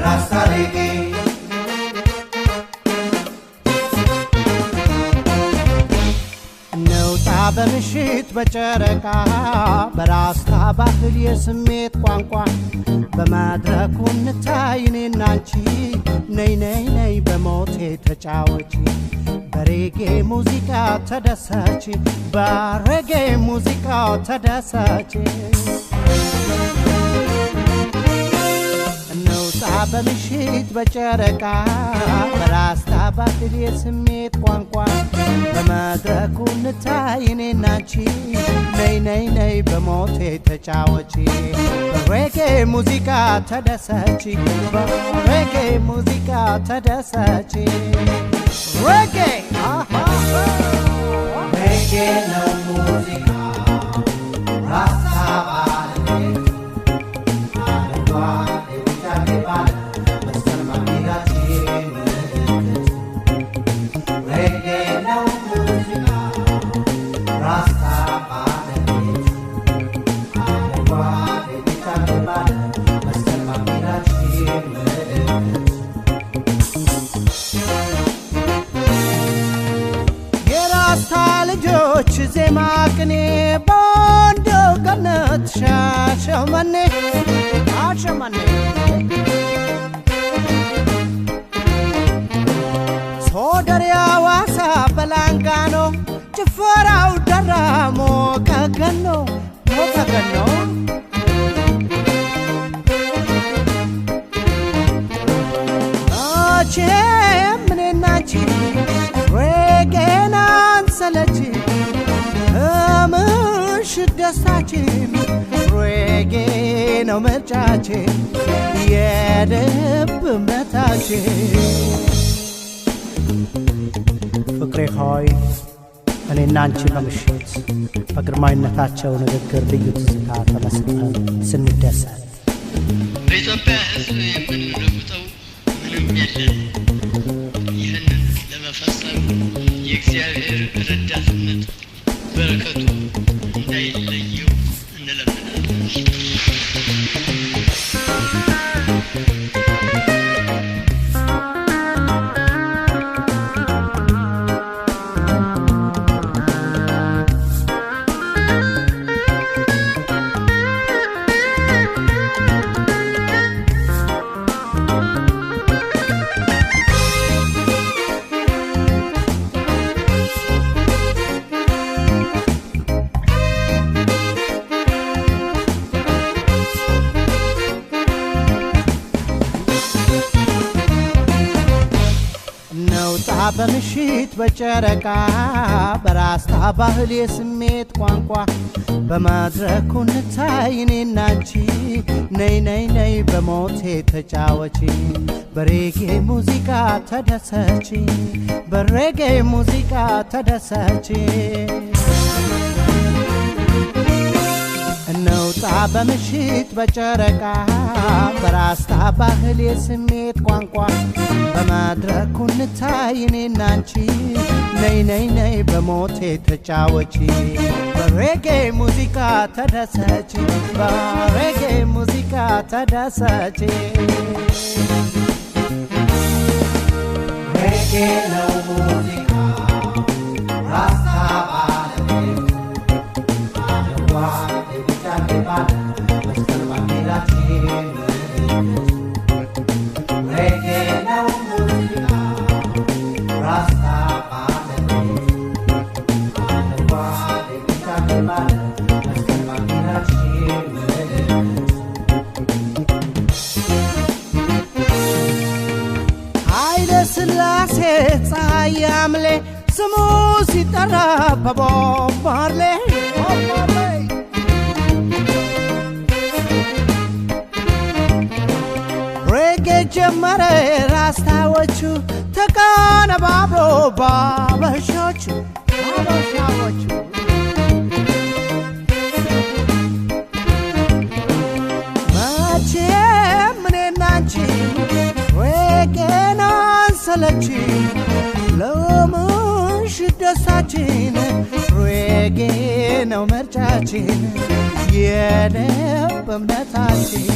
Grastariki. ነውጣ በምሽት በጨረቃ በራስታ ባህል የስሜት ቋንቋ በመድረኩ እንታይ እኔና አንቺ ነይ ነይ ነይ በሞቴ ተጫወች በሬጌ ሙዚቃ ተደሰች በሬጌ ሙዚቃ ተደሰች በምሽት በጨረቃ በራስታ ባትል የስሜት ቋንቋ በመድረኩ እንታይ እኔና ነይ ነይ ነይ በሞቴ ተጫወቺ በሬጌ ሙዚቃ ተደሰች በሬጌ ሙዚቃ ተደሰች ሬጌ ሬጌ ነው አሸመኔ አሸመኔ ሶደሬ አዋሳ በላንጋኖ ጭፈራው ደራሞ ከገኖ ከገኖ መቼም እኔና አንቺ ሬጌናን ሰለች ነው መርጫቼ የደብ መታቼ ፍቅሬ ሆይ እኔና አንቺ በምሽት በግርማዊነታቸው ንግግር ልዩ ትዝታ ተመስጠን ስንደሰት በኢትዮጵያ ሕዝብ የምንለውጠው ምንም የለም። ይህንን ለመፈጸም የእግዚአብሔር ረዳትነት በረከቱ እንዳይለየው Thank በምሽት በጨረቃ በራስታ ባህል የስሜት ቋንቋ በማድረኩ እንታይ እኔና አንቺ ነይ ነይ ነይ በሞቴ ተጫወቺ በሬጌ ሙዚቃ ተደሰች በሬጌ ሙዚቃ ተደሰች በማታ በምሽት በጨረቃ በራስታ ባህል የስሜት ቋንቋ በመድረኩ እንታይ እኔና አንቺ ነይ ነይ ነይ በሞቴ ተጫወቺ በሬጌ ሙዚቃ ተደሰች በሬጌ ሙዚቃ ተደሰች ሬጌ ነው ሲጠራ በቦብ ማርሌ ሬጌ ጀመረ ራስታዎቹ ተቀነባብሮ ባበሾቹ ባበሻዎቹ መቼም እኔና አንቺ ሬጌን አንሰለችም ሐረጌ ነው ምርጫችን የደብ እምነታችን